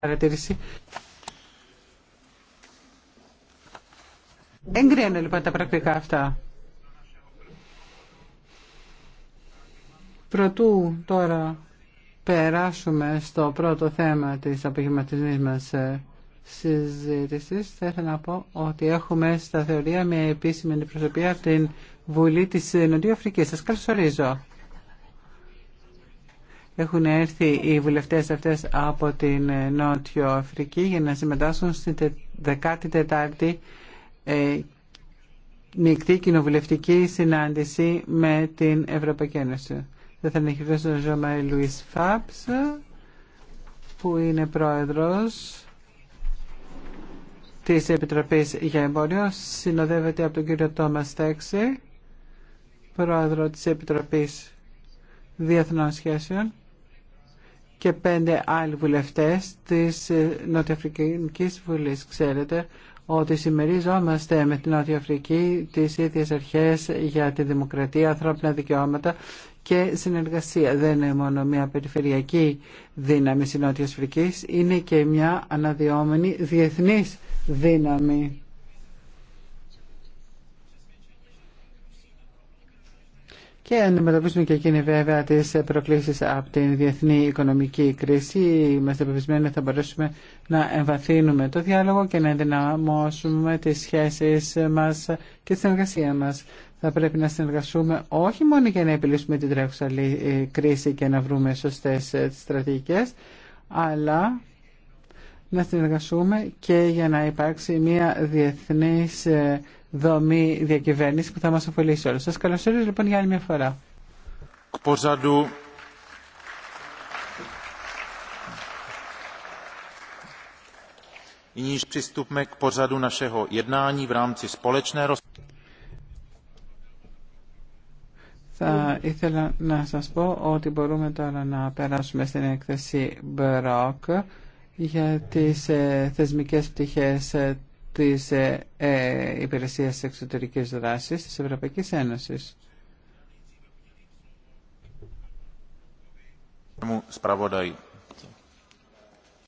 παρατήρηση. Εγκρίνω λοιπόν τα πρακτικά αυτά. Προτού τώρα περάσουμε στο πρώτο θέμα της απογευματινής μας ε, συζήτησης, θα ήθελα να πω ότι έχουμε στα θεωρία μια επίσημη αντιπροσωπεία από την Βουλή της Νοτιοαφρικής. Σας καλωσορίζω έχουν έρθει οι βουλευτές αυτές από την Νότιο Αφρική για να συμμετάσχουν στην 14η ε, μεικτή κοινοβουλευτική συνάντηση με την Ευρωπαϊκή Ένωση. Δεν θα ανεχειριστώ τον Ζωμαϊ Λουίς Φάπς που είναι πρόεδρος της Επιτροπής για Εμπόριο. Συνοδεύεται από τον κύριο Τόμας Τέξη, πρόεδρο της Επιτροπής Διεθνών Σχέσεων και πέντε άλλοι βουλευτές της ε, Νοτιοαφρικής Βουλής. Ξέρετε ότι συμμερίζομαστε με την Νότια Αφρική τις ίδιες αρχές για τη δημοκρατία, ανθρώπινα δικαιώματα και συνεργασία. Δεν είναι μόνο μια περιφερειακή δύναμη της Νότιας είναι και μια αναδυόμενη διεθνής δύναμη. και αντιμετωπίζουν και εκείνοι βέβαια τι προκλήσει από την διεθνή οικονομική κρίση. Είμαστε πεπισμένοι ότι θα μπορέσουμε να εμβαθύνουμε το διάλογο και να ενδυναμώσουμε τις σχέσει μας και τη συνεργασία μας. Θα πρέπει να συνεργαστούμε όχι μόνο για να επιλύσουμε την τρέχουσα ε, κρίση και να βρούμε σωστές ε, στρατηγικές, αλλά να συνεργαστούμε και για να υπάρξει μια διεθνής ε, δομή διακυβέρνηση που θα μας ωφελήσει όλους. Σας καλωσορίζω λοιπόν για άλλη μια φορά. Θα ήθελα να σας πω ότι μπορούμε τώρα να περάσουμε στην έκθεση Μπροκ για τις ε, θεσμικές πτυχές ε, της ε, ε, Υπηρεσίας Εξωτερικής Δράσης της Ευρωπαϊκής Ένωσης.